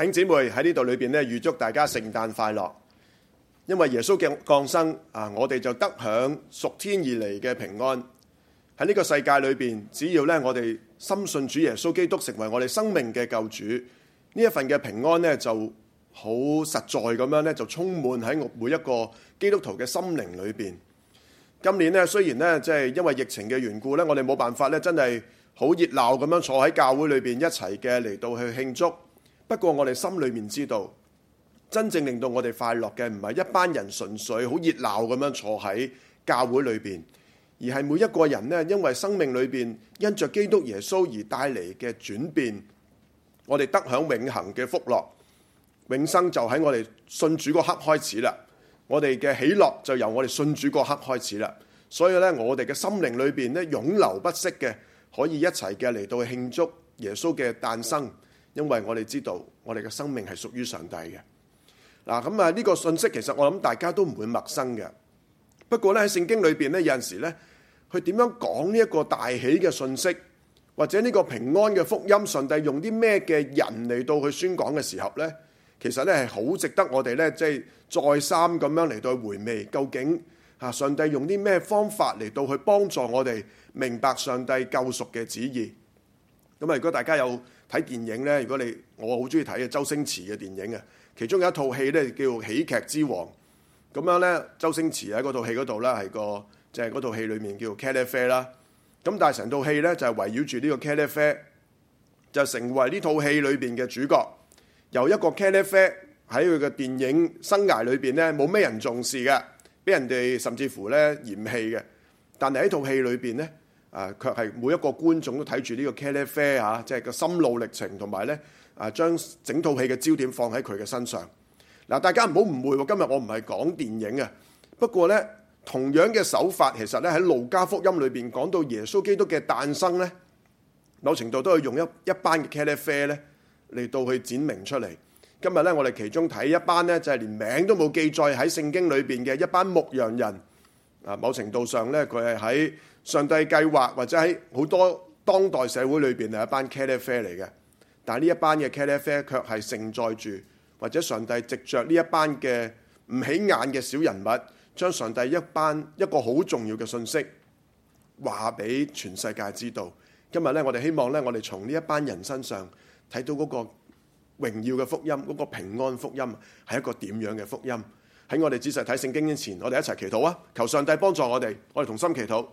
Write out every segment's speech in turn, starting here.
請姐妹喺呢度裏邊咧，預祝大家聖誕快樂。因為耶穌嘅降生啊，我哋就得享屬天而嚟嘅平安喺呢個世界裏邊。只要咧，我哋深信主耶穌基督成為我哋生命嘅救主，呢一份嘅平安呢就好實在咁樣咧，就充滿喺每每一個基督徒嘅心靈裏邊。今年呢，雖然呢，即係因為疫情嘅緣故咧，我哋冇辦法咧，真係好熱鬧咁樣坐喺教會裏邊一齊嘅嚟到去慶祝。不過我哋心裏面知道，真正令到我哋快樂嘅唔係一班人純粹好熱鬧咁樣坐喺教會裏邊，而係每一個人呢，因為生命裏邊因着基督耶穌而帶嚟嘅轉變，我哋得享永恆嘅福樂，永生就喺我哋信主嗰刻開始啦。我哋嘅喜樂就由我哋信主嗰刻開始啦。所以咧，我哋嘅心靈裏邊咧，永流不息嘅，可以一齊嘅嚟到慶祝耶穌嘅誕生。因為我哋知道，我哋嘅生命係屬於上帝嘅。嗱，咁啊呢個信息其實我諗大家都唔會陌生嘅。不過咧，喺聖經裏邊咧，有陣時咧，佢點樣講呢一個大喜嘅信息，或者呢個平安嘅福音，上帝用啲咩嘅人嚟到去宣講嘅時候咧，其實咧係好值得我哋咧即係再三咁樣嚟到回味，究竟啊上帝用啲咩方法嚟到去幫助我哋明白上帝救贖嘅旨意。咁啊，如果大家有。睇電影呢，如果你我好中意睇啊周星馳嘅電影啊，其中有一套戲呢叫《喜劇之王》。咁樣呢，周星馳喺嗰套戲嗰度呢係個，就係嗰套戲裏面叫茄喱啡啦。咁但係成套戲呢就係圍繞住呢個茄喱啡，就成為呢套戲裏邊嘅主角。由一個茄喱啡喺佢嘅電影生涯裏邊呢，冇咩人重視嘅，俾人哋甚至乎呢嫌棄嘅。但係喺套戲裏邊呢。誒，卻係每一個觀眾都睇住呢個 c a l i 上帝計劃或者喺好多當代社會裏面，係一班茄喱啡嚟嘅，但係呢一班嘅茄喱啡卻係承載住或者上帝藉着呢一班嘅唔起眼嘅小人物，將上帝一班一個好重要嘅信息話俾全世界知道。今日咧，我哋希望咧，我哋從呢一班人身上睇到嗰個榮耀嘅福音，嗰、嗰個平安福音係一個點樣嘅福音？喺我哋仔細睇聖經之前，我哋一齊祈禱啊！求上帝幫助我哋，我哋同心祈禱。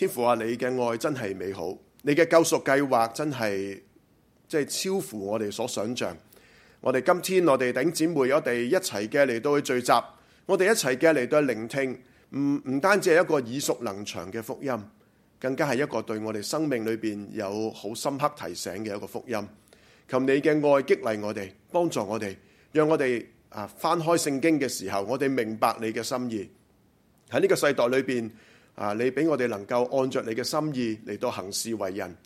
天父啊，你嘅愛真係美好，你嘅救贖計劃真係即係超乎我哋所想象。我哋今天我哋頂姊妹，我哋一齊嘅嚟到去聚集，我哋一齊嘅嚟到聆聽，唔唔單止係一個耳熟能詳嘅福音，更加係一個對我哋生命裏邊有好深刻提醒嘅一個福音。求你嘅愛激勵我哋，幫助我哋，讓我哋啊翻開聖經嘅時候，我哋明白你嘅心意喺呢個世代裏邊。啊！你俾我哋能夠按着你嘅心意嚟到行事為人，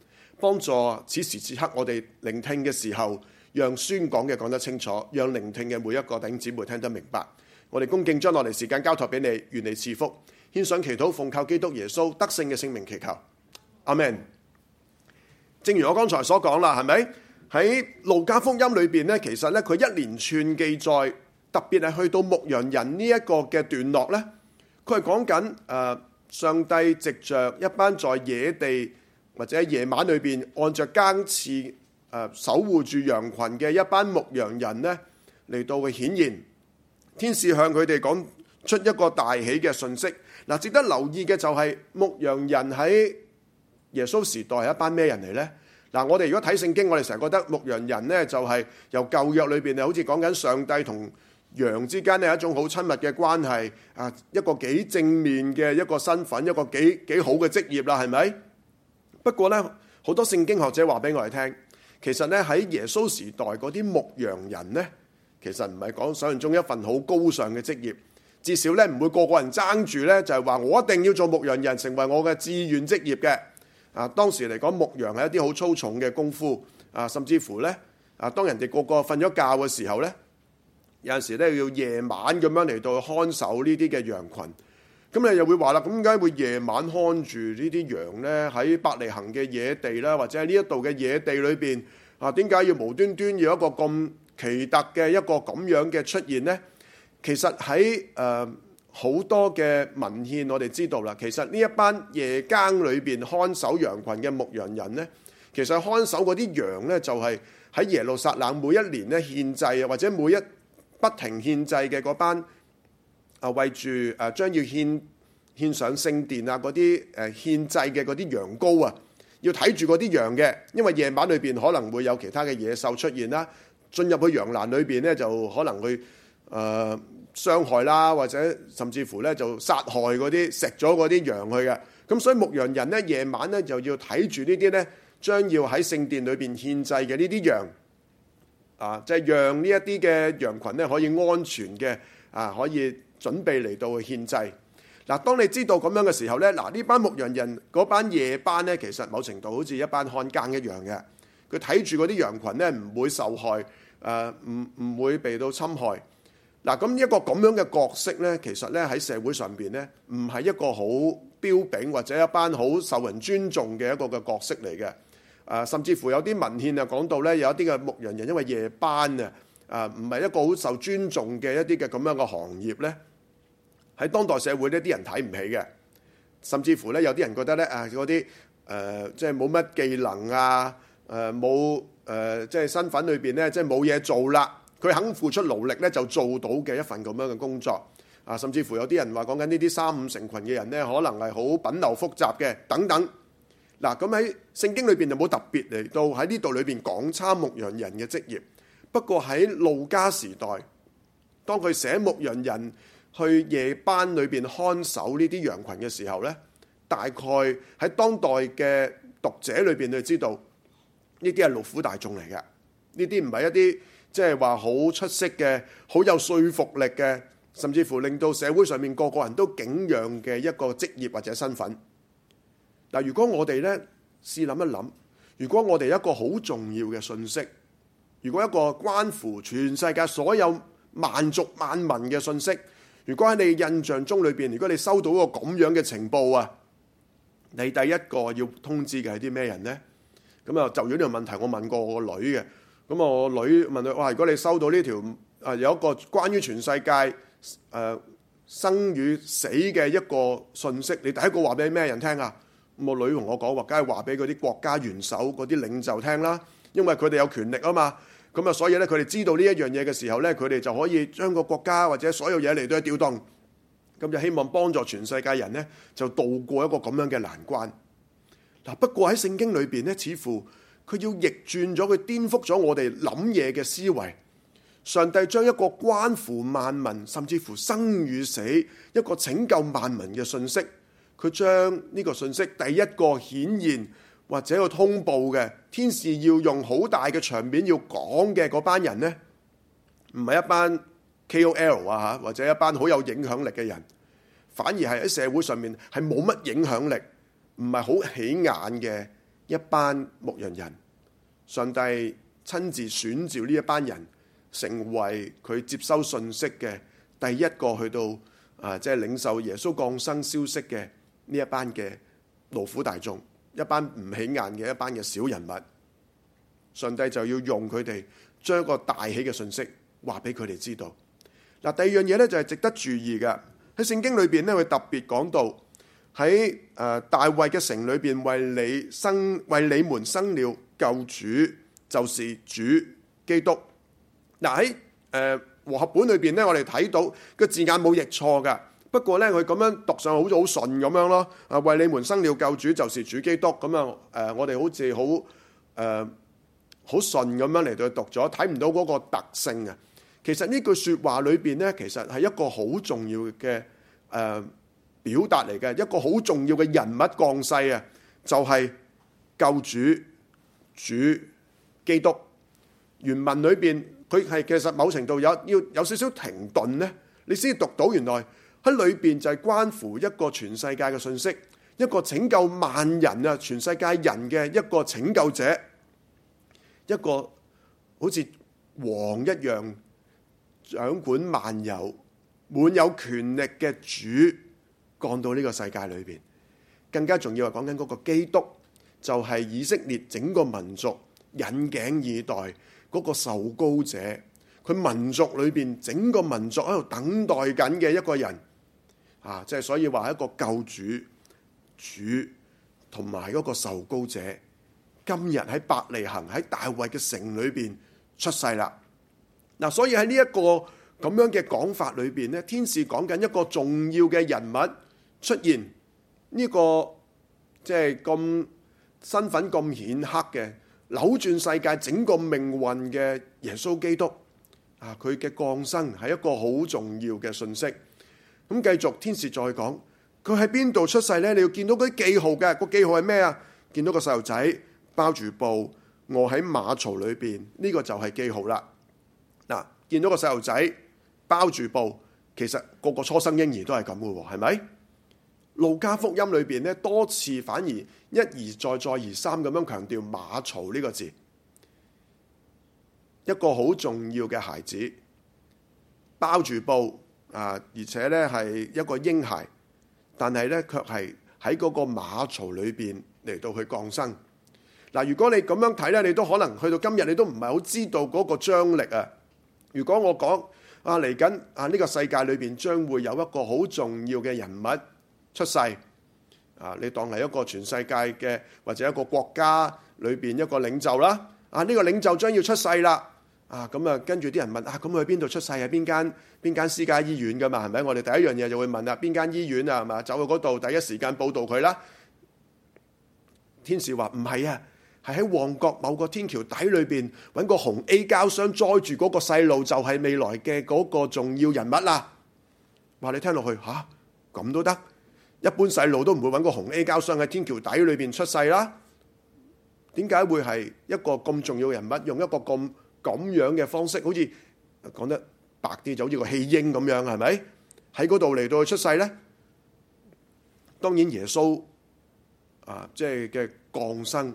幫助此時此刻我哋聆聽嘅時候，讓宣講嘅講得清楚，讓聆聽嘅每一個弟兄姊妹聽得明白。我哋恭敬將落嚟時間交託俾你，願你賜福，獻上祈禱，奉靠基督耶穌得勝嘅聖名祈求。阿門。正如我剛才所講啦，係咪喺路加福音裏邊咧？其實咧，佢一連串記載，特別係去到牧羊人呢一個嘅段落咧，佢係講緊誒。呃上帝藉着一班在野地或者夜晚裏邊按着更次守護住羊群嘅一班牧羊人呢嚟到嘅顯現，天使向佢哋講出一個大喜嘅訊息。嗱、啊，值得留意嘅就係、是、牧羊人喺耶穌時代係一班咩人嚟呢？嗱、啊，我哋如果睇聖經，我哋成日覺得牧羊人呢就係、是、由舊約裏邊好似講緊上帝同羊之間呢一種好親密嘅關係啊，一個幾正面嘅一個身份，一個幾幾好嘅職業啦，係咪？不過呢，好多聖經學者話俾我哋聽，其實呢，喺耶穌時代嗰啲牧羊人呢，其實唔係講想象中一份好高尚嘅職業，至少呢，唔會個個人爭住呢，就係話我一定要做牧羊人，成為我嘅志願職業嘅。啊，當時嚟講牧羊係一啲好粗重嘅功夫啊，甚至乎呢，啊，當人哋個個瞓咗覺嘅時候呢。有陣時咧要夜晚咁樣嚟到看守呢啲嘅羊羣，咁你又會話啦，點解會夜晚看住呢啲羊咧？喺伯利恒嘅野地啦，或者喺呢一度嘅野地裏邊啊？點解要無端端有一個咁奇特嘅一個咁樣嘅出現咧？其實喺誒好多嘅文獻，我哋知道啦。其實呢一班夜間裏邊看守羊羣嘅牧羊人咧，其實看守嗰啲羊咧就係喺耶路撒冷每一年咧獻祭啊，或者每一不停獻祭嘅嗰班啊，為住啊將要獻獻上聖殿啊嗰啲誒獻祭嘅嗰啲羊羔啊，要睇住嗰啲羊嘅，因為夜晚裏邊可能會有其他嘅野獸出現啦，進入去羊欄裏邊咧就可能去誒、呃、傷害啦，或者甚至乎咧就殺害嗰啲食咗嗰啲羊去嘅，咁所以牧羊人咧夜晚咧就要睇住呢啲咧將要喺聖殿裏邊獻祭嘅呢啲羊。啊！即係讓呢一啲嘅羊群咧，可以安全嘅啊，可以準備嚟到去獻祭。嗱，當你知道咁樣嘅時候咧，嗱，呢班牧羊人嗰班夜班咧，其實某程度好似一班漢奸一樣嘅。佢睇住嗰啲羊群咧，唔會受害，誒唔唔會被到侵害。嗱，咁一個咁樣嘅角色咧，其實咧喺社會上邊咧，唔係一個好標炳或者一班好受人尊重嘅一個嘅角色嚟嘅。啊，甚至乎有啲文獻啊講到咧，有一啲嘅牧羊人因為夜班啊，啊唔係一個好受尊重嘅一啲嘅咁樣嘅行業咧。喺當代社會咧，啲人睇唔起嘅，甚至乎咧有啲人覺得咧啊，嗰啲誒即係冇乜技能啊，誒冇誒即係身份裏邊咧，即係冇嘢做啦。佢肯付出勞力咧，就做到嘅一份咁樣嘅工作啊。甚至乎有啲人話講緊呢啲三五成羣嘅人咧，可能係好品流複雜嘅等等。嗱，咁喺聖經裏邊有冇特別嚟到喺呢度裏邊講參牧羊人嘅職業。不過喺路加時代，當佢寫牧羊人去夜班裏邊看守呢啲羊群嘅時候呢，大概喺當代嘅讀者裏邊，佢知道呢啲係勞苦大眾嚟嘅，呢啲唔係一啲即係話好出色嘅、好有說服力嘅，甚至乎令到社會上面個個人都景仰嘅一個職業或者身份。但如果我哋咧，試諗一諗。如果我哋一個好重要嘅信息，如果一個關乎全世界所有萬族萬民嘅信息，如果喺你印象中裏邊，如果你收到個咁樣嘅情報啊，你第一個要通知嘅係啲咩人呢？咁啊，就咗呢個問題，我問過我個女嘅。咁我女問佢：，哇，如果你收到呢條、呃、有一個關於全世界誒、呃、生與死嘅一個信息，你第一個話俾咩人聽啊？我女同我講話，梗係話俾嗰啲國家元首、嗰啲領袖聽啦，因為佢哋有權力啊嘛。咁啊，所以咧，佢哋知道呢一樣嘢嘅時候咧，佢哋就可以將個國家或者所有嘢嚟到去調動，咁就希望幫助全世界人咧，就渡過一個咁樣嘅難關。嗱，不過喺聖經裏邊咧，似乎佢要逆轉咗，佢顛覆咗我哋諗嘢嘅思維。上帝將一個關乎萬民，甚至乎生與死，一個拯救萬民嘅信息。佢將呢個信息第一個顯現或者個通報嘅天使，要用好大嘅場面要講嘅嗰班人呢，唔係一班 KOL 啊嚇，或者一班好有影響力嘅人，反而係喺社會上面係冇乜影響力，唔係好起眼嘅一班牧羊人。上帝親自選召呢一班人，成為佢接收信息嘅第一個去到啊，即係領受耶穌降生消息嘅。呢一班嘅勞苦大眾，一班唔起眼嘅一班嘅小人物，上帝就要用佢哋將個大喜嘅信息話俾佢哋知道。嗱，第二樣嘢咧，就係值得注意嘅，喺聖經裏邊咧，佢特別講到喺誒大衛嘅城裏邊為你生為你們生了救主，就是主基督。嗱，喺誒和合本裏邊咧，我哋睇到個字眼冇譯錯噶。不過呢，佢咁樣讀上好似好順咁樣咯。啊，為你們生了救主，就是主基督咁啊！誒，我哋好似好誒好順咁樣嚟到讀咗，睇唔到嗰個特性啊。其實呢句説話裏邊呢，其實係一個好重要嘅誒表達嚟嘅，一個好重要嘅人物降世啊，就係救主主基督。原文裏邊佢係其實某程度有要有少少停頓呢，你先讀到原來。喺裏邊就係關乎一個全世界嘅信息，一個拯救萬人啊全世界人嘅一個拯救者，一個好似王一樣掌管萬有、滿有權力嘅主降到呢個世界裏邊，更加重要係講緊嗰個基督，就係、是、以色列整個民族引頸以待嗰、那個受膏者，佢民族裏邊整個民族喺度等待緊嘅一個人。啊！即係所以話一個救主主同埋一個受膏者，今日喺伯利恒，喺大衛嘅城裏邊出世啦。嗱、啊，所以喺呢一個咁樣嘅講法裏邊咧，天使講緊一個重要嘅人物出現，呢、呢個即係咁身份咁顯赫嘅，扭轉世界整個命運嘅耶穌基督啊！佢嘅降生係一個好重要嘅信息。咁繼續，天使再講，佢喺邊度出世呢？你要見到嗰啲記號嘅，個記號係咩啊？見到個細路仔包住布，我喺馬槽裏邊，呢、這個就係記號啦。嗱，見到個細路仔包住布，其實個個初生嬰兒都係咁嘅喎，係咪？路加福音裏邊呢，多次反而一而再、再而三咁樣強調馬槽呢個字，一個好重要嘅孩子包住布。啊！而且咧，係一個嬰孩，但係咧，卻係喺嗰個馬槽裏邊嚟到去降生。嗱、啊，如果你咁樣睇咧，你都可能去到今日，你都唔係好知道嗰個張力啊。如果我講啊，嚟緊啊，呢個世界裏邊將會有一個好重要嘅人物出世啊！你當係一個全世界嘅或者一個國家裏邊一個領袖啦。啊，呢個領袖將要出世啦。啊，咁啊，跟住啲人問啊，咁去邊度出世啊？邊間邊間私家醫院噶嘛？係咪？我哋第一樣嘢就會問啊，邊間醫院啊？係嘛？走去嗰度第一時間報道佢啦。天使話唔係啊，係喺旺角某個天橋底裏邊揾個紅 A 膠箱載住嗰個細路，就係未來嘅嗰個重要人物啦。話你聽落去吓，咁都得？一般細路都唔會揾個紅 A 膠箱喺天橋底裏邊出世啦。點解會係一個咁重要人物用一個咁咁樣嘅方式，好似講得白啲，就好似個棄嬰咁樣，係咪喺嗰度嚟到去出世呢？當然耶穌啊，即係嘅降生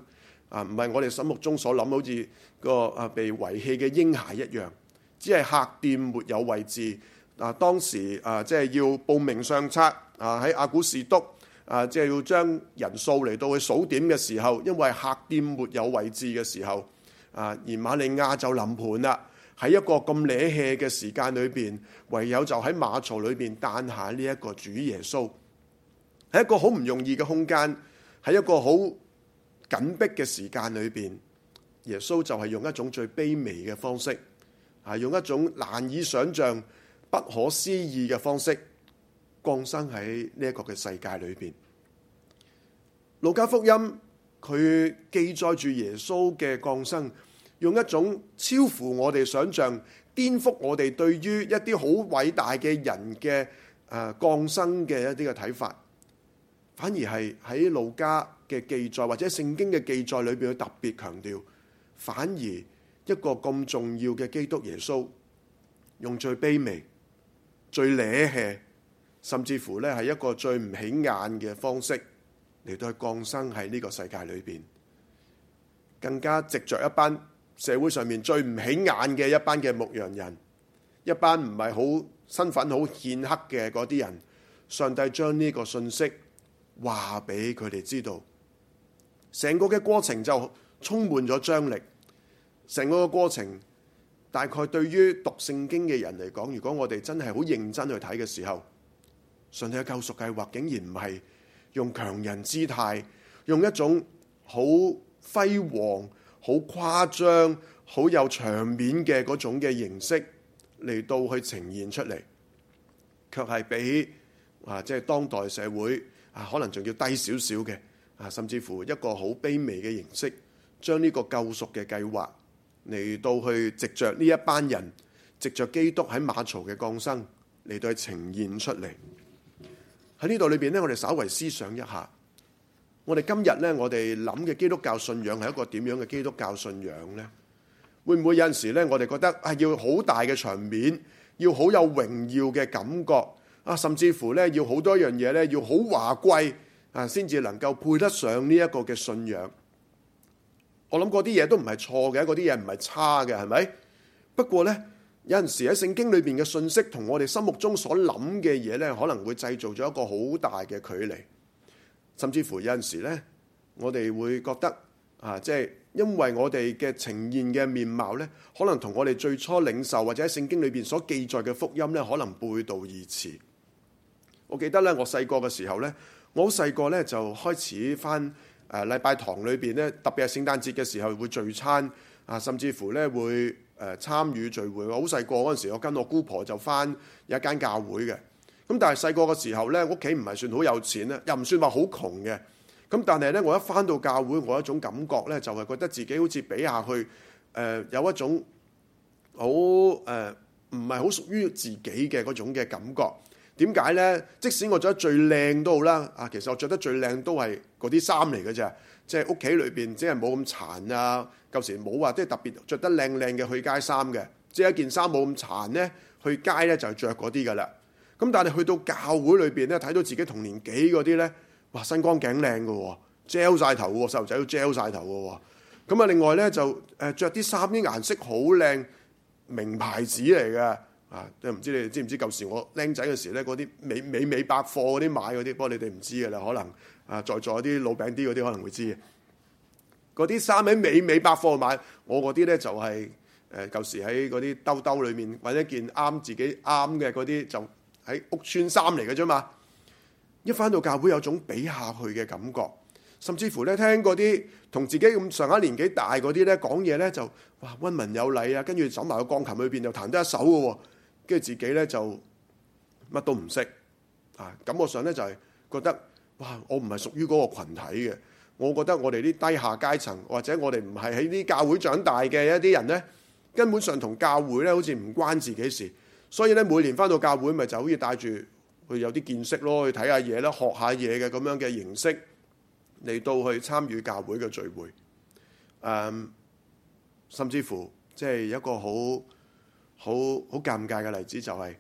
啊，唔係我哋心目中所諗，好似個啊被遺棄嘅嬰孩一樣，只係客店沒有位置。嗱，當時啊，即係要報名上冊啊，喺阿古士督啊，即係要將人數嚟到去數點嘅時候，因為客店沒有位置嘅時候。啊！而瑪利亞就臨盆啦，喺一個咁瀨氣嘅時間裏邊，唯有就喺馬槽裏邊誕下呢一個主耶穌，喺一個好唔容易嘅空間，喺一個好緊迫嘅時間裏邊，耶穌就係用一種最卑微嘅方式，係用一種難以想像、不可思議嘅方式降生喺呢一個嘅世界裏邊。路加福音。佢記載住耶穌嘅降生，用一種超乎我哋想象、顛覆我哋對於一啲好偉大嘅人嘅誒、呃、降生嘅一啲嘅睇法，反而係喺路加嘅記載或者聖經嘅記載裏邊，佢特別強調，反而一個咁重要嘅基督耶穌，用最卑微、最僂氣，甚至乎呢係一個最唔起眼嘅方式。佢哋都降生喺呢個世界裏邊，更加藉着一班社會上面最唔起眼嘅一班嘅牧羊人，一班唔係好身份好顯赫嘅嗰啲人，上帝將呢個信息話俾佢哋知道，成個嘅過程就充滿咗張力，成個嘅過程大概對於讀聖經嘅人嚟講，如果我哋真係好認真去睇嘅時候，上帝嘅救贖計劃竟然唔係。用強人姿態，用一種好輝煌、好誇張、好有場面嘅嗰種嘅形式嚟到去呈現出嚟，卻係比啊即係、就是、當代社會啊可能仲要低少少嘅啊，甚至乎一個好卑微嘅形式，將呢個救贖嘅計劃嚟到去藉着呢一班人，藉着基督喺馬槽嘅降生嚟到去呈現出嚟。喺呢度裏邊咧，我哋稍微思想一下，我哋今日咧，我哋諗嘅基督教信仰係一個點樣嘅基督教信仰呢？會唔會有陣時咧，我哋覺得係要好大嘅場面，要好有榮耀嘅感覺啊，甚至乎咧，要好多樣嘢咧，要好華貴啊，先至能夠配得上呢一個嘅信仰？我諗嗰啲嘢都唔係錯嘅，嗰啲嘢唔係差嘅，係咪？不過呢。有陣時喺聖經裏邊嘅信息同我哋心目中所諗嘅嘢咧，可能會製造咗一個好大嘅距離，甚至乎有陣時咧，我哋會覺得啊，即係因為我哋嘅呈現嘅面貌咧，可能同我哋最初領受或者喺聖經裏邊所記載嘅福音咧，可能背道而馳。我記得咧，我細個嘅時候咧，我好細個咧就開始返誒禮拜堂裏邊咧，特別係聖誕節嘅時候會聚餐啊，甚至乎咧會。誒參與聚會，我好細個嗰陣時，我跟我姑婆就翻有一間教會嘅。咁但係細個嘅時候咧，屋企唔係算好有錢咧，又唔算話好窮嘅。咁但係咧，我一翻到教會，我有一種感覺咧，就係、是、覺得自己好似比下去，誒、呃、有一種好誒唔係好屬於自己嘅嗰種嘅感覺。點解咧？即使我着得最靚都好啦，啊，其實我着得最靚都係嗰啲衫嚟嘅啫。即係屋企裏邊，即係冇咁殘啊！舊時冇話，即係特別着得靚靚嘅去街衫嘅，即係一件衫冇咁殘咧，去街咧就着嗰啲噶啦。咁但係去到教會裏邊咧，睇到自己同年紀嗰啲咧，哇！身光頸靚嘅，gel 曬頭嘅，細路仔都 gel 曬頭嘅。咁啊，另外咧就誒著啲衫啲顏色好靚，名牌子嚟嘅啊！即唔知你哋知唔知舊時我僆仔嘅時咧，嗰啲美美美百貨嗰啲買嗰啲，不過你哋唔知嘅啦，可能。啊，在座啲老餅啲嗰啲可能會知嘅，嗰啲衫喺美美百貨買。我嗰啲咧就係誒舊時喺嗰啲兜兜裏面揾一件啱自己啱嘅嗰啲，就喺屋邨衫嚟嘅啫嘛。一返到教會有種比下去嘅感覺，甚至乎咧聽嗰啲同自己咁上下年紀大嗰啲咧講嘢咧就哇温文有禮啊，跟住走埋個鋼琴裏邊又彈得一手嘅喎，跟住自己咧就乜都唔識啊，感覺上咧就係覺得。哇！我唔係屬於嗰個羣體嘅，我覺得我哋啲低下階層或者我哋唔係喺啲教會長大嘅一啲人呢，根本上同教會呢好似唔關自己事，所以呢，每年返到教會咪就好似帶住去有啲見識咯，去睇下嘢啦，學下嘢嘅咁樣嘅形式嚟到去參與教會嘅聚會。誒、嗯，甚至乎即係一個好好好尷尬嘅例子、就係，就係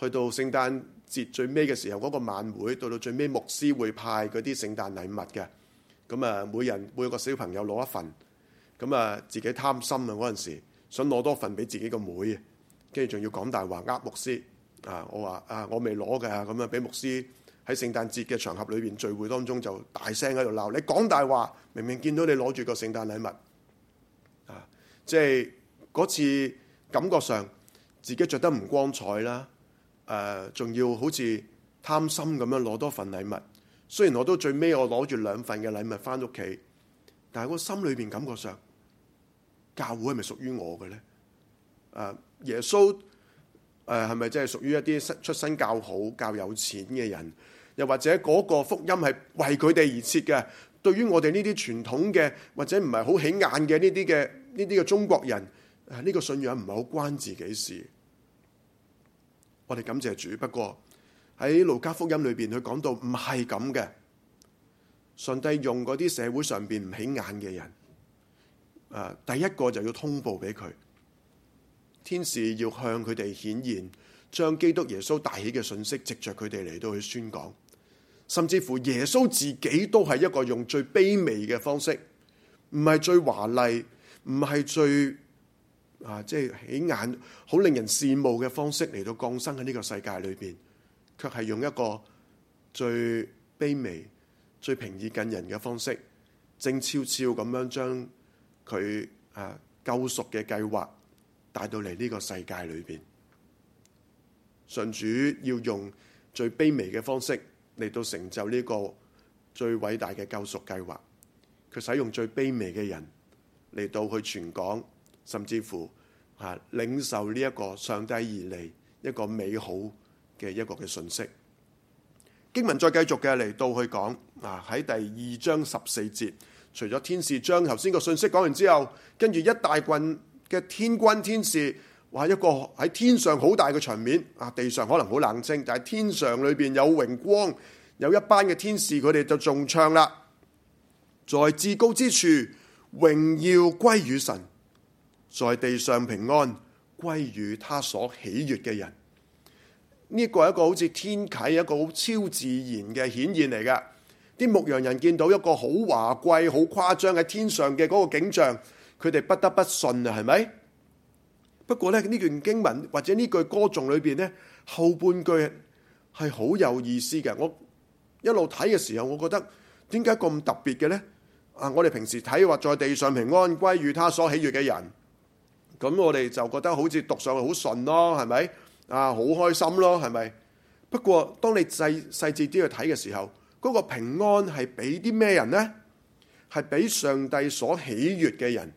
去到聖誕節最尾嘅時候嗰個晚會，到到最尾牧師會派嗰啲聖誕禮物嘅，咁啊，每人每個小朋友攞一份，咁啊，自己貪心啊嗰陣時想攞多份俾自己個妹，跟住仲要講大話呃牧師啊，我話啊我未攞㗎，咁啊，俾牧師喺聖誕節嘅場合裏邊聚會當中就大聲喺度鬧，你講大話，明明見到你攞住個聖誕禮物啊，即係嗰次感覺上自己着得唔光彩啦。誒、呃，仲要好似貪心咁樣攞多份禮物。雖然我都最尾我攞住兩份嘅禮物翻屋企，但係我心裏邊感覺上，教會係咪屬於我嘅咧？誒、呃，耶穌誒係咪即係屬於一啲出身較好、較有錢嘅人？又或者嗰個福音係為佢哋而設嘅？對於我哋呢啲傳統嘅或者唔係好起眼嘅呢啲嘅呢啲嘅中國人，誒、呃、呢、呢個信仰唔係好關自己事。我哋感謝主，不過喺《路加福音》裏邊，佢講到唔係咁嘅。上帝用嗰啲社會上邊唔起眼嘅人，誒，第一個就要通報俾佢。天使要向佢哋顯現，將基督耶穌帶起嘅訊息，藉着佢哋嚟到去宣講。甚至乎耶穌自己都係一個用最卑微嘅方式，唔係最華麗，唔係最。啊！即係起眼好令人羨慕嘅方式嚟到降生喺呢個世界裏邊，卻係用一個最卑微、最平易近人嘅方式，靜悄悄咁樣將佢啊救贖嘅計劃帶到嚟呢個世界裏邊。神主要用最卑微嘅方式嚟到成就呢個最偉大嘅救贖計劃，佢使用最卑微嘅人嚟到去傳講，甚至乎。啊！領受呢一個上帝而嚟一個美好嘅一個嘅信息，經文再繼續嘅嚟到去講啊！喺第二章十四節，除咗天使將頭先個信息講完之後，跟住一大羣嘅天軍天使話，一個喺天上好大嘅場面啊，地上可能好冷清，但係天上裏邊有榮光，有一班嘅天使，佢哋就仲唱啦，在至高之處，榮耀歸與神。在地上平安歸與他所喜悦嘅人，呢、這個係一個好似天啟一個超自然嘅顯現嚟㗎。啲牧羊人見到一個好華貴、好誇張喺天上嘅嗰個景象，佢哋不得不信啊。係咪？不過呢，呢段經文或者呢句歌頌裏邊呢，後半句係好有意思嘅。我一路睇嘅時候，我覺得點解咁特別嘅呢？啊，我哋平時睇話在地上平安歸與他所喜悦嘅人。咁我哋就覺得好似讀上去好順咯，係咪？啊，好開心咯，係咪？不過當你細細節啲去睇嘅時候，嗰個平安係俾啲咩人呢？係俾上帝所喜悅嘅人。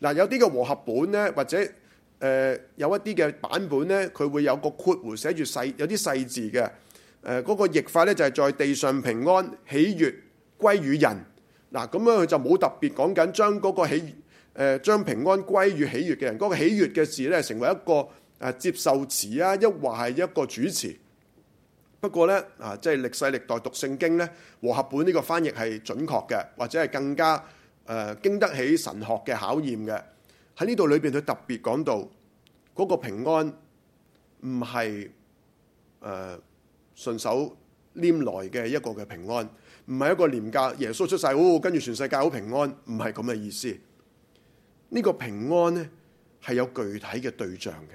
嗱，有啲嘅和合本呢，或者誒、呃、有一啲嘅版本呢，佢會有個括弧寫住細有啲細字嘅。誒，嗰個譯法呢，就係在地上平安喜悅歸於人。嗱，咁樣佢就冇特別講緊將嗰個喜。誒將平安歸於喜悅嘅人，嗰、那個喜悅嘅事咧，成為一個誒、啊、接受詞啊，抑或係一個主詞。不過咧啊，即、就、係、是、歷世歷代讀聖經咧，和合本呢個翻譯係準確嘅，或者係更加誒、啊、經得起神學嘅考驗嘅，喺呢度裏邊，佢特別講到嗰、那個平安唔係誒順手拈來嘅一個嘅平安，唔係一個廉價。耶穌出世，跟住全世界好平安，唔係咁嘅意思。呢個平安咧係有具體嘅對象嘅，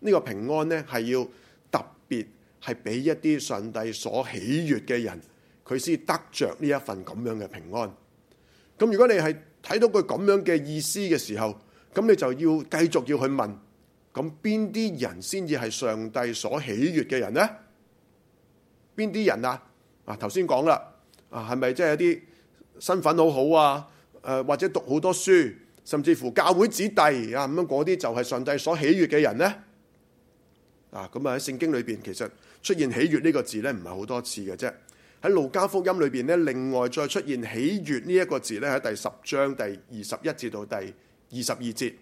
呢個平安咧係要特別係俾一啲上帝所喜悅嘅人，佢先得着呢一份咁樣嘅平安。咁如果你係睇到佢咁樣嘅意思嘅時候，咁你就要繼續要去問，咁邊啲人先至係上帝所喜悅嘅人咧？邊啲人啊？啊頭先講啦，啊係咪即係一啲身份好好啊？誒或者讀好多書？甚至乎教會子弟啊，咁樣嗰啲就係上帝所喜悅嘅人呢。啊，咁啊喺聖經裏面其實出現喜悅呢個字咧，唔係好多次嘅啫。喺路加福音裏面咧，另外再出現喜悅呢一個字咧，喺第十章第二十一至到第二十二節。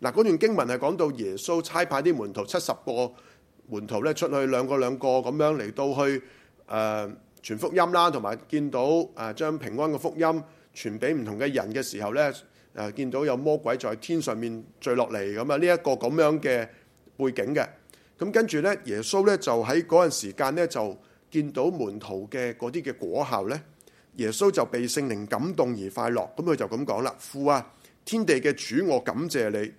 嗱，嗰段經文係講到耶穌差派啲門徒，七十個門徒咧出去，兩個兩個咁樣嚟到去誒傳、呃、福音啦，同埋見到將、呃、平安嘅福音傳俾唔同嘅人嘅時候咧。啊！見到有魔鬼在天上面墜落嚟咁啊！呢一個咁樣嘅背景嘅，咁跟住呢，耶穌呢就喺嗰陣時間呢就見到門徒嘅嗰啲嘅果效，呢耶穌就被聖靈感動而快樂，咁佢就咁講啦：父啊，天地嘅主，我感謝你，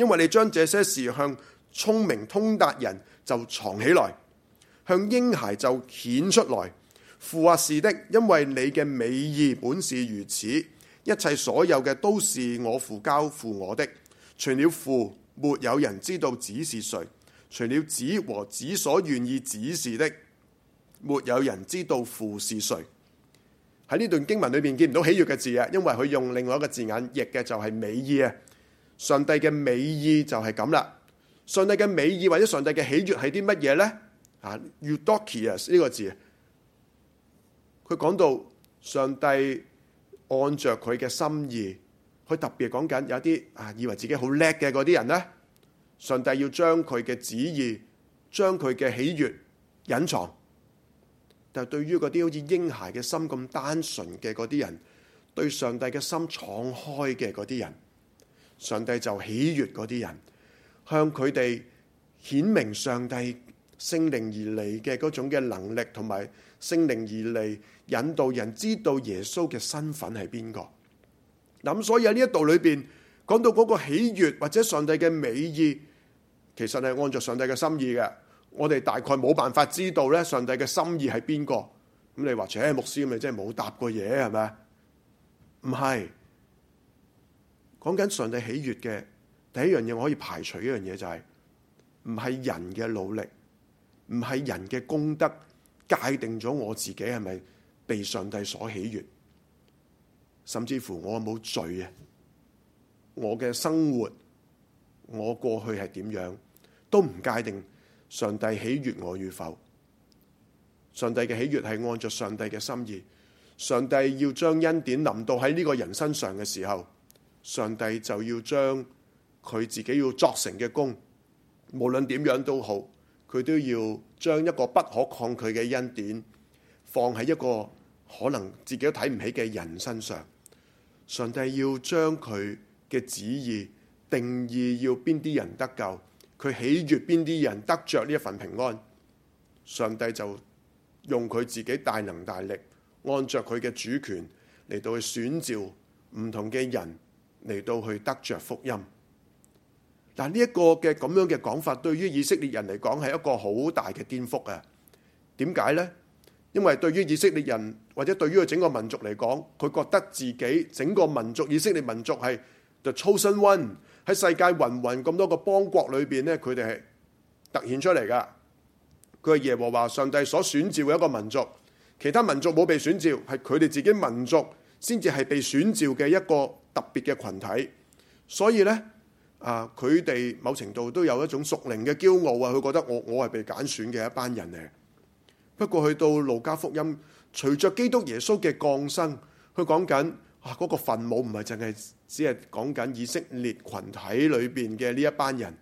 因為你將這些事向聰明通達人就藏起來，向嬰孩就顯出來。父啊，是的，因為你嘅美意本是如此。一切所有嘅都是我父交付我的，除了父，沒有人知道子是誰；除了子和子所願意指示的，沒有人知道父是誰。喺呢段經文裏邊見唔到喜悅嘅字啊，因為佢用另外一個字眼譯嘅就係美意啊。上帝嘅美意就係咁啦。上帝嘅美意或者上帝嘅喜悅係啲乜嘢咧？啊，eudokias 呢個字，佢講到上帝。按着佢嘅心意，佢特別講緊有啲，啊，以為自己好叻嘅嗰啲人呢，上帝要將佢嘅旨意、將佢嘅喜悦隱藏。但係對於嗰啲好似嬰孩嘅心咁單純嘅嗰啲人，對上帝嘅心敞開嘅嗰啲人，上帝就喜悦嗰啲人，向佢哋顯明上帝聖靈而嚟嘅嗰種嘅能力，同埋聖靈而嚟。引導人知道耶穌嘅身份係邊個，咁所以喺呢一度裏邊講到嗰個喜悦或者上帝嘅美意，其實係按照上帝嘅心意嘅。我哋大概冇辦法知道咧，上帝嘅心意係邊個。咁你話，哎，牧師咪即係冇答過嘢係咪？唔係，講緊上帝喜悦嘅第一樣嘢，我可以排除一樣嘢就係、是，唔係人嘅努力，唔係人嘅功德界定咗我自己係咪？是被上帝所喜悦，甚至乎我冇罪啊。我嘅生活，我過去係點樣都唔界定上帝喜悦我與否。上帝嘅喜悦係按着上帝嘅心意，上帝要將恩典臨到喺呢個人身上嘅時候，上帝就要將佢自己要作成嘅功，無論點樣都好，佢都要將一個不可抗拒嘅恩典。放喺一個可能自己都睇唔起嘅人身上，上帝要將佢嘅旨意，定義要邊啲人得救，佢喜悦邊啲人得着呢一份平安，上帝就用佢自己大能大力，按着佢嘅主權嚟，到去選召唔同嘅人嚟到去得着福音。但呢一個嘅咁樣嘅講法，對於以色列人嚟講係一個好大嘅顛覆啊！點解呢？因為對於以色列人或者對於佢整個民族嚟講，佢覺得自己整個民族以色列民族係 the chosen one，喺世界芸芸咁多個邦國裏邊咧，佢哋係凸顯出嚟噶。佢係耶和華上帝所選召嘅一個民族，其他民族冇被選召，係佢哋自己民族先至係被選召嘅一個特別嘅群體。所以咧，啊，佢哋某程度都有一種屬靈嘅驕傲啊！佢覺得我我係被揀選嘅一班人嚟。不過去到路加福音，隨着基督耶穌嘅降生，佢講緊啊嗰個分母唔係淨係只係講緊以色列群體裏邊嘅呢一班人，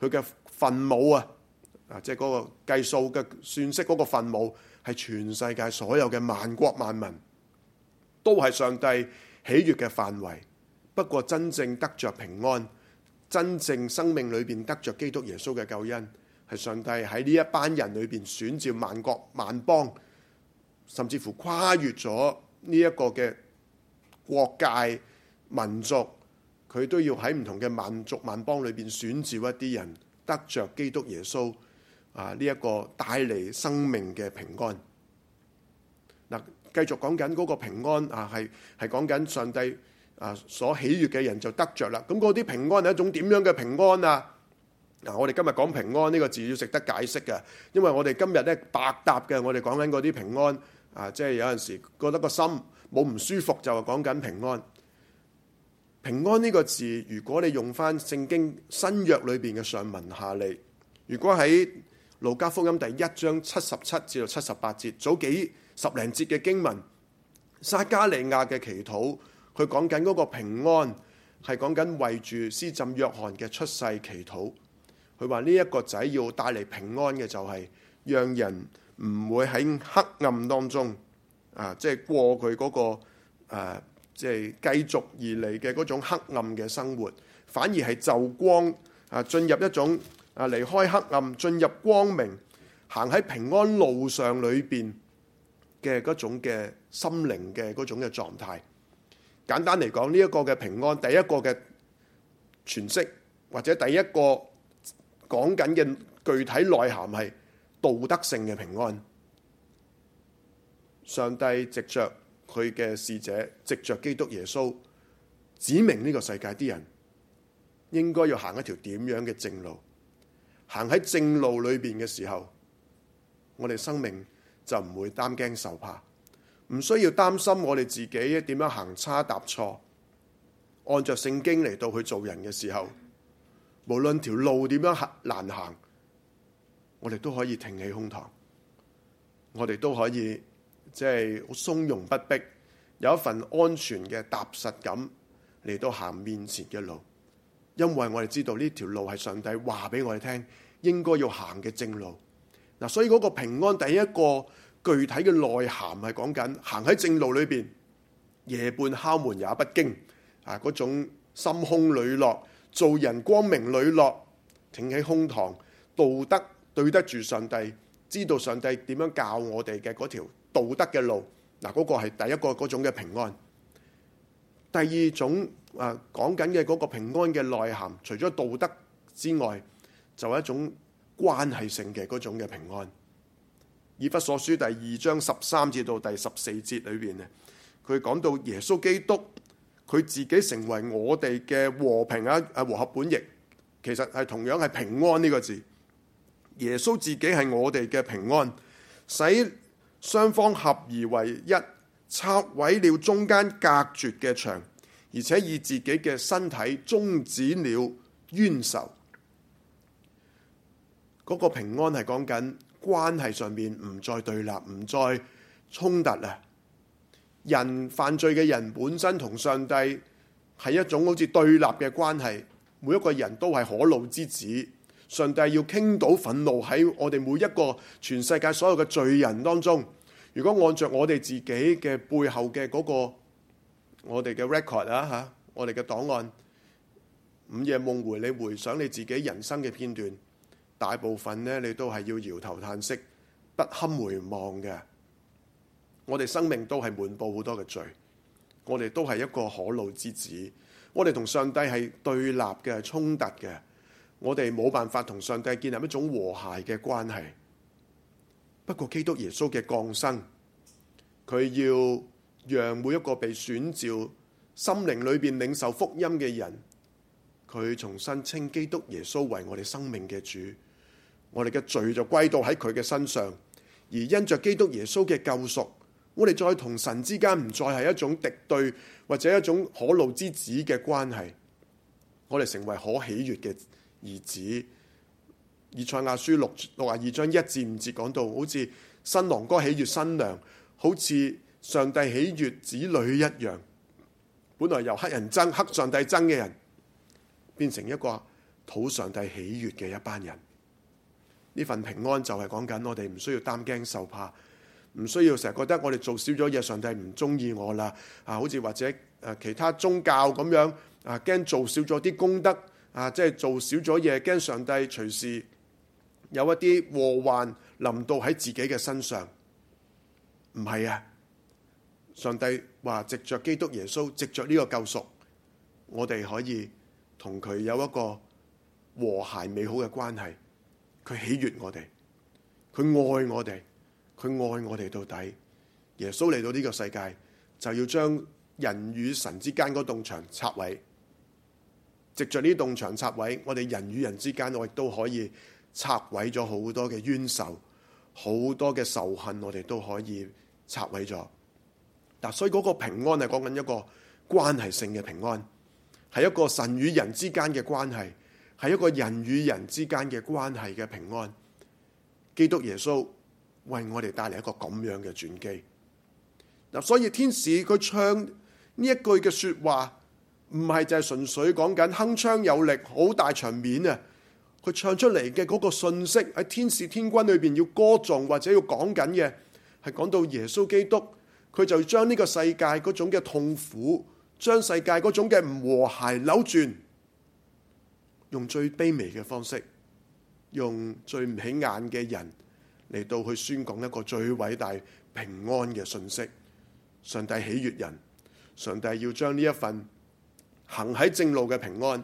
佢嘅分母啊，啊即係嗰個計數嘅算式嗰個分母係全世界所有嘅萬國萬民，都係上帝喜悅嘅範圍。不過真正得着平安，真正生命裏邊得着基督耶穌嘅救恩。係上帝喺呢一班人裏邊選召萬國萬邦，甚至乎跨越咗呢一個嘅國界民族，佢都要喺唔同嘅萬族萬邦裏邊選召一啲人得着基督耶穌啊！呢一個帶嚟生命嘅平安。嗱，繼續講緊嗰個平安啊，係係講緊上帝啊所喜悅嘅人就得着啦。咁嗰啲平安係一種點樣嘅平安啊？嗱、啊，我哋今日講平安呢、呢個字要值得解釋嘅，因為我哋今日咧白搭嘅。我哋講緊嗰啲平安啊，即係有陣時覺得個心冇唔舒服，就係、是、講緊平安。平安呢個字，如果你用翻聖經新約裏邊嘅上文下理，如果喺路加福音第一章七十七至到七十八節，早幾十零節嘅經文，撒加利亞嘅祈禱，佢講緊嗰個平安係講緊為住施浸約翰嘅出世祈禱。佢話呢一個仔要帶嚟平安嘅，就係讓人唔會喺黑暗當中啊，即係過佢嗰個誒，即係繼續而嚟嘅嗰種黑暗嘅生活，反而係就光啊，進入一種啊離開黑暗，進入光明，行喺平安路上裏邊嘅嗰種嘅心靈嘅嗰種嘅狀態。簡單嚟講，呢一個嘅平安，第一個嘅詮釋或者第一個。講緊嘅具體內涵係道德性嘅平安。上帝藉著佢嘅使者，藉著基督耶穌，指明呢個世界啲人應該要行一條點樣嘅正路。行喺正路裏邊嘅時候，我哋生命就唔會擔驚受怕，唔需要擔心我哋自己點樣行差踏錯。按著聖經嚟到去做人嘅時候，無論條路點樣難行，我哋都可以挺起胸膛，我哋都可以即係、就是、從容不迫，有一份安全嘅踏實感嚟到行面前嘅路。因為我哋知道呢條路係上帝話俾我哋聽，應該要行嘅正路。嗱，所以嗰個平安第一個具體嘅內涵係講緊行喺正路裏邊，夜半敲門也不驚啊！嗰種心胸磊落。做人光明磊落，挺起胸膛，道德對得住上帝，知道上帝點樣教我哋嘅嗰條道德嘅路，嗱、那、嗰個係第一個嗰種嘅平安。第二種啊，講緊嘅嗰個平安嘅內涵，除咗道德之外，就係一種關係性嘅嗰種嘅平安。以弗所書第二章十三至到第十四節裏邊咧，佢講到耶穌基督。佢自己成為我哋嘅和平啊，啊和合本譯，其實係同樣係平安呢個字。耶穌自己係我哋嘅平安，使雙方合而為一，拆毀了中間隔絕嘅牆，而且以自己嘅身體終止了冤仇。嗰個平安係講緊關係上面唔再對立，唔再衝突啊！人犯罪嘅人本身同上帝係一種好似對立嘅關係。每一個人都係可怒之子，上帝要傾倒憤怒喺我哋每一個全世界所有嘅罪人當中。如果按着我哋自己嘅背後嘅嗰個我哋嘅 record 啊，吓，我哋嘅檔案，午夜夢回，你回想你自己人生嘅片段，大部分咧你都係要搖頭嘆息，不堪回望嘅。我哋生命都係滿布好多嘅罪，我哋都係一個可怒之子。我哋同上帝係對立嘅、衝突嘅。我哋冇辦法同上帝建立一種和諧嘅關係。不過基督耶穌嘅降生，佢要讓每一個被選召心靈裏邊領受福音嘅人，佢重新稱基督耶穌為我哋生命嘅主。我哋嘅罪就歸到喺佢嘅身上，而因着基督耶穌嘅救贖。我哋再同神之間唔再係一種敵對或者一種可怒之子嘅關係，我哋成為可喜悅嘅兒子。以賽亞書六十二章一至五節講到，好似新郎哥喜悅新娘，好似上帝喜悅子女一樣。本來由黑人憎、黑上帝憎嘅人，變成一個討上帝喜悅嘅一班人。呢份平安就係講緊我哋唔需要擔驚受怕。唔需要成日覺得我哋做少咗嘢，上帝唔中意我啦。啊，好似或者誒其他宗教咁樣啊，驚做少咗啲功德啊，即係做少咗嘢，驚上帝隨時有一啲禍患臨到喺自己嘅身上。唔係啊，上帝話藉着基督耶穌，藉着呢個救贖，我哋可以同佢有一個和諧美好嘅關係。佢喜悦我哋，佢愛我哋。佢愛我哋到底？耶穌嚟到呢個世界，就要將人與神之間嗰棟牆拆毀。藉着呢棟牆拆毀，我哋人與人之間，我亦都可以拆毀咗好多嘅冤仇，好多嘅仇恨，我哋都可以拆毀咗。嗱，所以嗰個平安係講緊一個關係性嘅平安，係一個神與人之間嘅關係，係一個人與人之間嘅關係嘅平安。基督耶穌。為我哋帶嚟一個咁樣嘅轉機，嗱，所以天使佢唱呢一句嘅說話，唔係就係純粹講緊鏗鏘有力、好大場面啊！佢唱出嚟嘅嗰個信息喺天使天軍裏邊要歌頌或者要講緊嘅，係講到耶穌基督，佢就將呢個世界嗰種嘅痛苦，將世界嗰種嘅唔和諧扭轉，用最卑微嘅方式，用最唔起眼嘅人。嚟到去宣講一個最偉大平安嘅信息，上帝喜悅人，上帝要將呢一份行喺正路嘅平安，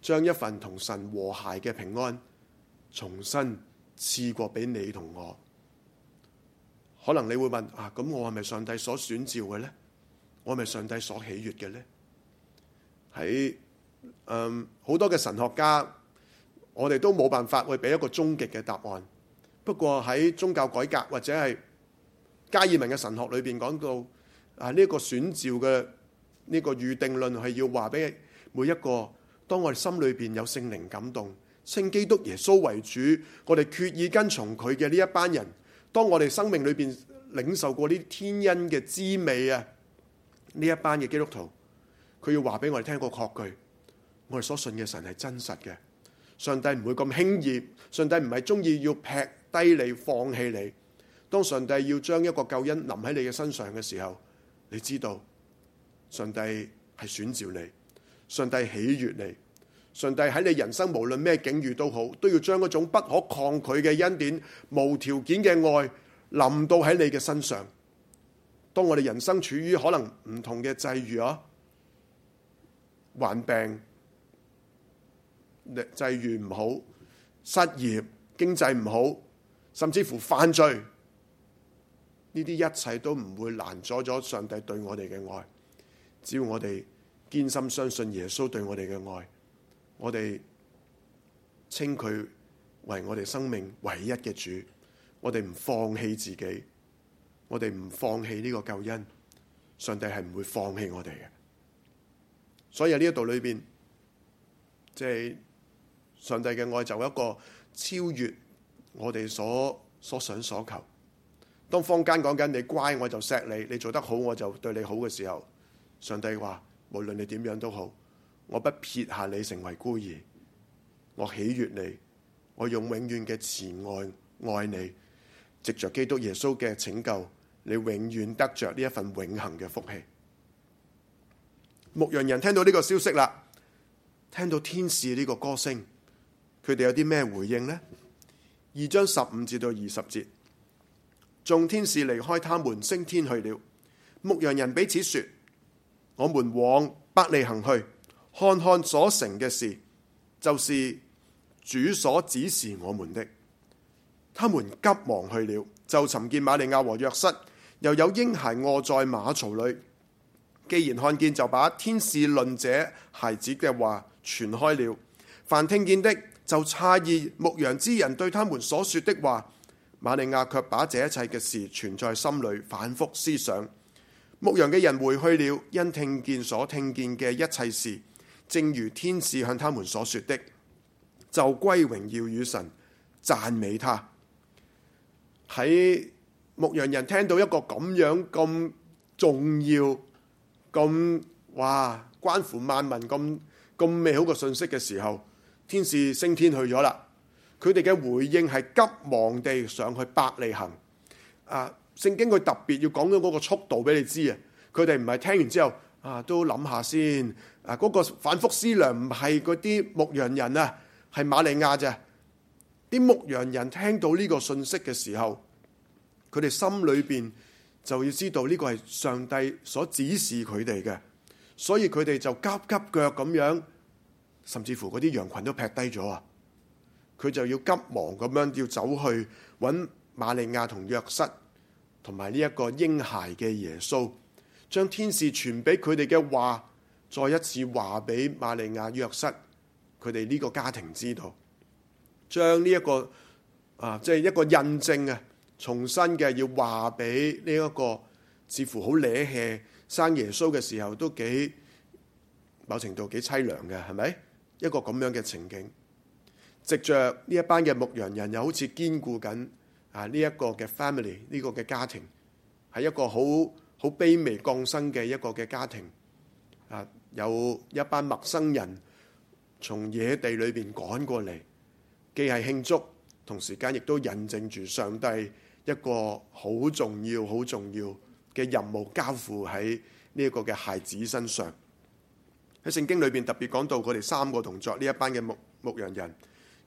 將一份同神和諧嘅平安，重新賜過俾你同我。可能你會問啊，咁我係咪上帝所選召嘅咧？我係咪上帝所喜悅嘅咧？喺誒，好、嗯、多嘅神學家，我哋都冇辦法去俾一個終極嘅答案。不過喺宗教改革或者係加爾文嘅神學裏邊講到啊，呢一個選召嘅呢個預定論係要話俾每一個，當我哋心裏邊有聖靈感動稱基督耶穌為主，我哋決意跟從佢嘅呢一班人。當我哋生命裏邊領受過呢天恩嘅滋味啊，呢一班嘅基督徒，佢要話俾我哋聽個確據：我哋所信嘅神係真實嘅。上帝唔會咁輕易，上帝唔係中意要劈低你放棄你，當上帝要將一個救恩臨喺你嘅身上嘅時候，你知道上帝係選召你，上帝喜悦你，上帝喺你的人生無論咩境遇都好，都要將嗰種不可抗拒嘅恩典、無條件嘅愛臨到喺你嘅身上。當我哋人生處於可能唔同嘅際遇啊，患病、際遇唔好、失業、經濟唔好。甚至乎犯罪呢啲一切都唔會攔阻咗上帝對我哋嘅愛，只要我哋堅心相信耶穌對我哋嘅愛，我哋稱佢為我哋生命唯一嘅主，我哋唔放棄自己，我哋唔放棄呢個救恩，上帝係唔會放棄我哋嘅。所以喺呢一度裏邊，即係上帝嘅愛就一個超越。我哋所所想所求，當坊間講緊你乖我就錫你，你做得好我就對你好嘅時候，上帝話無論你點樣都好，我不撇下你成為孤兒，我喜悦你，我用永遠嘅慈愛愛你，藉着基督耶穌嘅拯救，你永遠得着呢一份永恒嘅福氣。牧羊人聽到呢個消息啦，聽到天使呢個歌聲，佢哋有啲咩回應呢？二章十五至到二十節，眾天使離開他們升天去了。牧羊人彼此說：我們往伯利恆去，看看所成嘅事，就是主所指示我們的。他們急忙去了，就尋見瑪利亞和約瑟，又有嬰孩臥在馬槽裏。既然看見，就把天使論這孩子嘅話傳開了。凡聽見的。就詫異牧羊之人對他們所說的話，瑪利亞卻把這一切嘅事存在心裏，反覆思想。牧羊嘅人回去了，因聽見所聽見嘅一切事，正如天使向他們所說的，就歸榮耀與神，讚美他。喺牧羊人聽到一個咁樣咁重要、咁哇關乎萬民咁咁美好嘅信息嘅時候。天使升天去咗啦，佢哋嘅回應係急忙地上去伯利恆。啊，聖經佢特別要講到嗰個速度俾你知啊，佢哋唔係聽完之後啊都諗下先啊，嗰個反覆思量唔係嗰啲牧羊人啊，係馬利亞啫。啲牧羊人聽到呢個訊息嘅時候，佢哋心裏邊就要知道呢個係上帝所指示佢哋嘅，所以佢哋就急急腳咁樣。甚至乎嗰啲羊群都撇低咗啊！佢就要急忙咁樣要走去揾瑪利亞同約瑟，同埋呢一個嬰孩嘅耶穌，將天使傳俾佢哋嘅話再一次話俾瑪利亞約瑟佢哋呢個家庭知道，將呢、這、一個啊即係、就是、一個印證啊，重新嘅要話俾呢一個似乎好惹氣生耶穌嘅時候都幾某程度幾淒涼嘅，係咪？一個咁樣嘅情景，藉着呢一班嘅牧羊人，又好似兼顧緊啊呢一個嘅 family，呢個嘅家庭，係一個好好卑微降生嘅一個嘅家庭，啊，有一班陌生人從野地裏邊趕過嚟，既係慶祝，同時間亦都印證住上帝一個好重要、好重要嘅任務交付喺呢一個嘅孩子身上。喺聖經裏邊特別講到，佢哋三個動作，呢一班嘅牧牧羊人，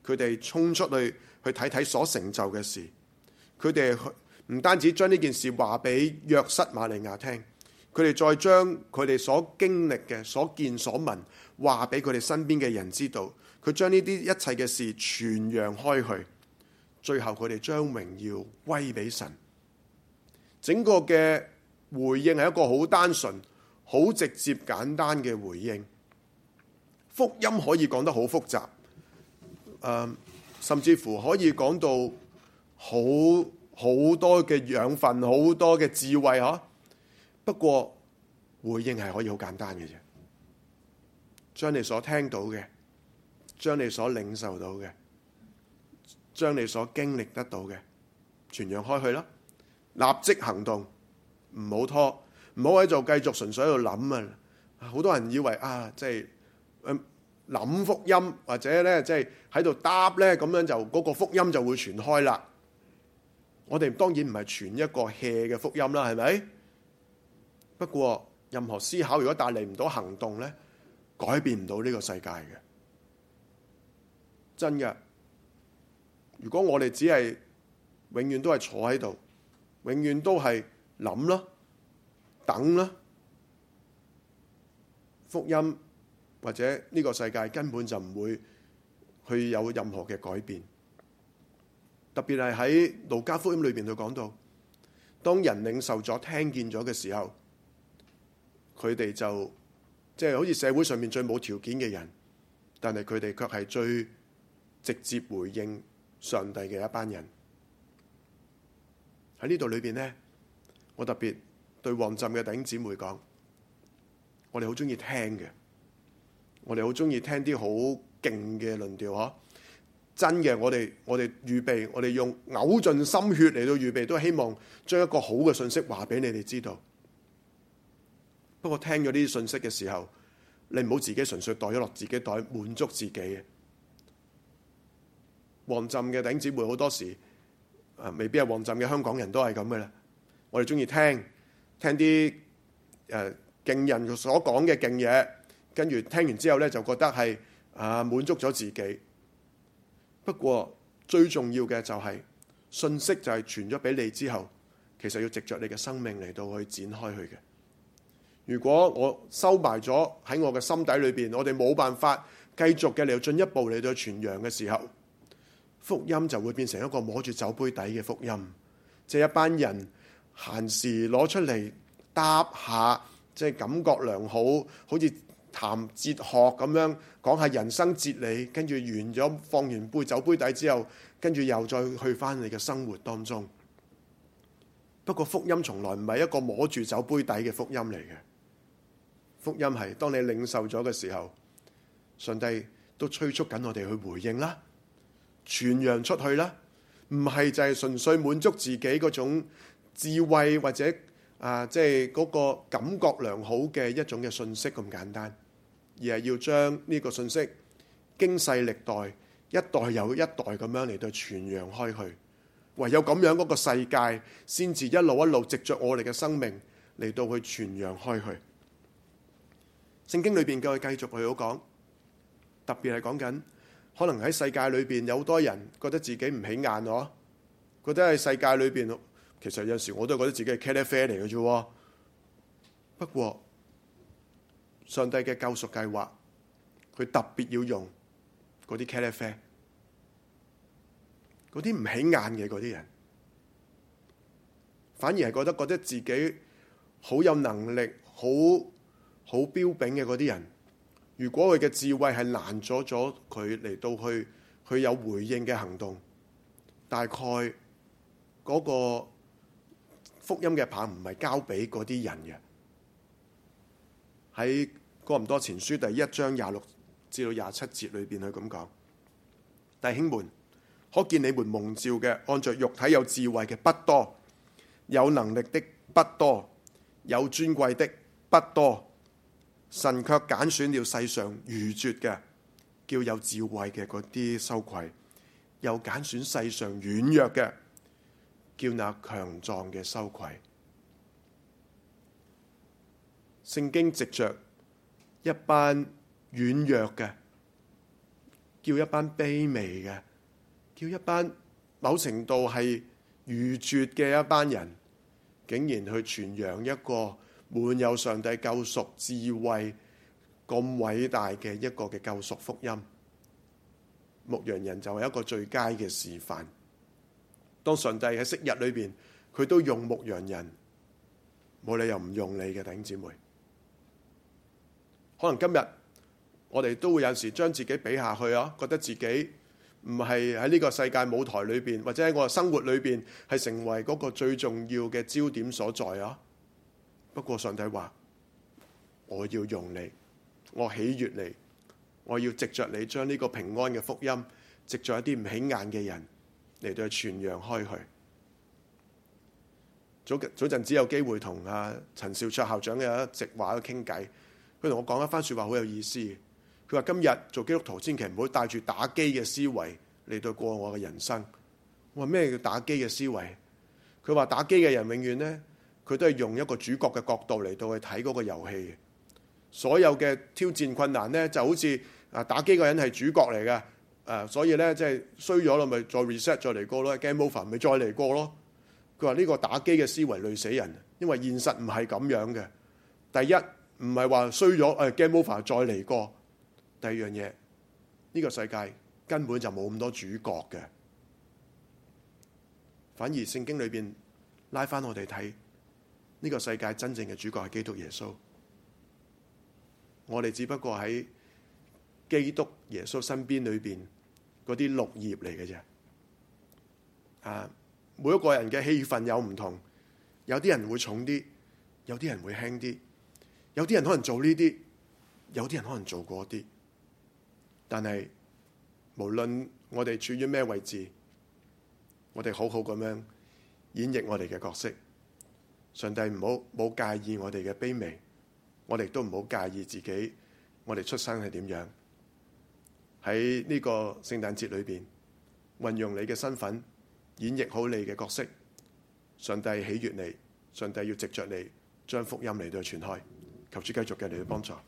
佢哋衝出去去睇睇所成就嘅事，佢哋唔單止將呢件事話俾約瑟瑪利亞聽，佢哋再將佢哋所經歷嘅、所見所聞話俾佢哋身邊嘅人知道，佢將呢啲一切嘅事傳揚開去，最後佢哋將榮耀歸俾神，整個嘅回應係一個好單純，好直接簡單嘅回應，福音可以講得好複雜，誒、嗯，甚至乎可以講到好好多嘅養分，好多嘅智慧嗬，不過回應係可以好簡單嘅啫，將你所聽到嘅，將你所領受到嘅，將你所經歷得到嘅，傳揚開去啦，立即行動，唔好拖。唔好喺度繼續純粹喺度諗啊！好多人以為啊，即係諗福音或者咧，即係喺度答咧，咁樣就嗰個福音就會傳開啦。我哋當然唔係傳一個謝嘅福音啦，係咪？不過任何思考如果帶嚟唔到行動咧，改變唔到呢個世界嘅。真嘅，如果我哋只係永遠都係坐喺度，永遠都係諗咯。等啦，福音或者呢個世界根本就唔會去有任何嘅改變。特別係喺路加福音裏邊，佢講到，當人領受咗、聽見咗嘅時候，佢哋就即係、就是、好似社會上面最冇條件嘅人，但係佢哋卻係最直接回應上帝嘅一班人。喺呢度裏邊咧，我特別。對旺浸嘅弟兄姊妹講，我哋好中意聽嘅，我哋好中意聽啲好勁嘅論調嗬，真嘅，我哋我哋預備，我哋用嘔盡心血嚟到預備，都希望將一個好嘅信息話俾你哋知道。不過聽咗呢啲信息嘅時候，你唔好自己純粹袋咗落自己袋，滿足自己嘅。旺浸嘅弟兄姊妹好多時，誒、啊，未必係旺浸嘅香港人都係咁嘅啦，我哋中意聽。聽啲誒、呃、敬人所講嘅敬嘢，跟住聽完之後咧就覺得係啊滿足咗自己。不過最重要嘅就係、是、信息就係傳咗俾你之後，其實要藉着你嘅生命嚟到去展開去嘅。如果我收埋咗喺我嘅心底裏邊，我哋冇辦法繼續嘅嚟到進一步嚟到傳揚嘅時候，福音就會變成一個摸住酒杯底嘅福音。即係一班人。閒時攞出嚟搭下，即係感覺良好，好似談哲學咁樣講下人生哲理，跟住完咗放完杯酒杯底之後，跟住又再去翻你嘅生活當中。不過福音從來唔係一個摸住酒杯底嘅福音嚟嘅，福音係當你領受咗嘅時候，上帝都催促緊我哋去回應啦，傳揚出去啦，唔係就係純粹滿足自己嗰種。智慧或者啊，即係嗰個感覺良好嘅一種嘅信息咁簡單，而係要將呢個信息經世歷代一代又一代咁樣嚟到傳揚開去。唯有咁樣嗰個世界，先至一路一路藉着我哋嘅生命嚟到去傳揚開去。聖經裏邊佢繼續去講，特別係講緊，可能喺世界裏邊有好多人覺得自己唔起眼囉，覺得喺世界裏邊。其實有陣時候我都覺得自己係茄哩啡嚟嘅啫，不過上帝嘅救贖計劃，佢特別要用嗰啲茄哩啡，嗰啲唔起眼嘅嗰啲人，反而係覺得覺得自己好有能力，好好標炳嘅嗰啲人，如果佢嘅智慧係攔咗咗佢嚟到去，佢有回應嘅行動，大概嗰、嗰個。福音嘅棒唔係交俾嗰啲人嘅，喺《哥林多前書》第一章廿六至到廿七節裏邊去咁講，弟兄們，可見你們蒙召嘅，按着肉體有智慧嘅不多，有能力的不多，有尊貴的不多，神卻揀選了世上愚拙嘅，叫有智慧嘅嗰啲羞愧，又揀選世上軟弱嘅。叫那強壯嘅羞愧，聖經藉着一班軟弱嘅，叫一班卑微嘅，叫一班某程度係愚拙嘅一班人，竟然去傳揚一個滿有上帝救贖智慧咁偉大嘅一個嘅救贖福音，牧羊人就係一個最佳嘅示範。當上帝喺昔日裏邊，佢都用牧羊人，冇理由唔用你嘅弟兄姊妹。可能今日我哋都會有陣時將自己比下去啊，覺得自己唔係喺呢個世界舞台裏邊，或者喺我生活裏邊係成為嗰個最重要嘅焦點所在啊。不過上帝話：我要用你，我喜悅你，我要藉着你將呢個平安嘅福音，藉着一啲唔起眼嘅人。嚟到去傳揚開去。早早陣子有機會同阿陳兆卓校長嘅一席話去傾偈，佢同我講一番説話好有意思。佢話今日做基督徒千祈唔好帶住打機嘅思維嚟到過我嘅人生。我話咩叫打機嘅思維？佢話打機嘅人永遠咧，佢都係用一個主角嘅角度嚟到去睇嗰個遊戲。所有嘅挑戰困難咧，就好似啊打機嘅人係主角嚟嘅。誒、啊，所以咧即係衰咗啦，咪、就是、再 reset 再嚟過咯，game over 咪再嚟過咯。佢話呢個打機嘅思維累死人，因為現實唔係咁樣嘅。第一唔係話衰咗誒 game over 再嚟過。第二樣嘢，呢個世界根本就冇咁多主角嘅，反而聖經裏邊拉翻我哋睇呢個世界真正嘅主角係基督耶穌。我哋只不過喺基督耶穌身邊裏邊。嗰啲綠葉嚟嘅啫，啊！每一個人嘅氣氛有唔同，有啲人會重啲，有啲人會輕啲，有啲人可能做呢啲，有啲人可能做嗰啲。但係無論我哋處於咩位置，我哋好好咁樣演繹我哋嘅角色，上帝唔好冇介意我哋嘅卑微，我哋都唔好介意自己，我哋出生係點樣。喺呢個聖誕節裏邊，運用你嘅身份，演繹好你嘅角色。上帝喜悅你，上帝要藉着你將福音嚟到傳開，求主繼續嘅你幫助。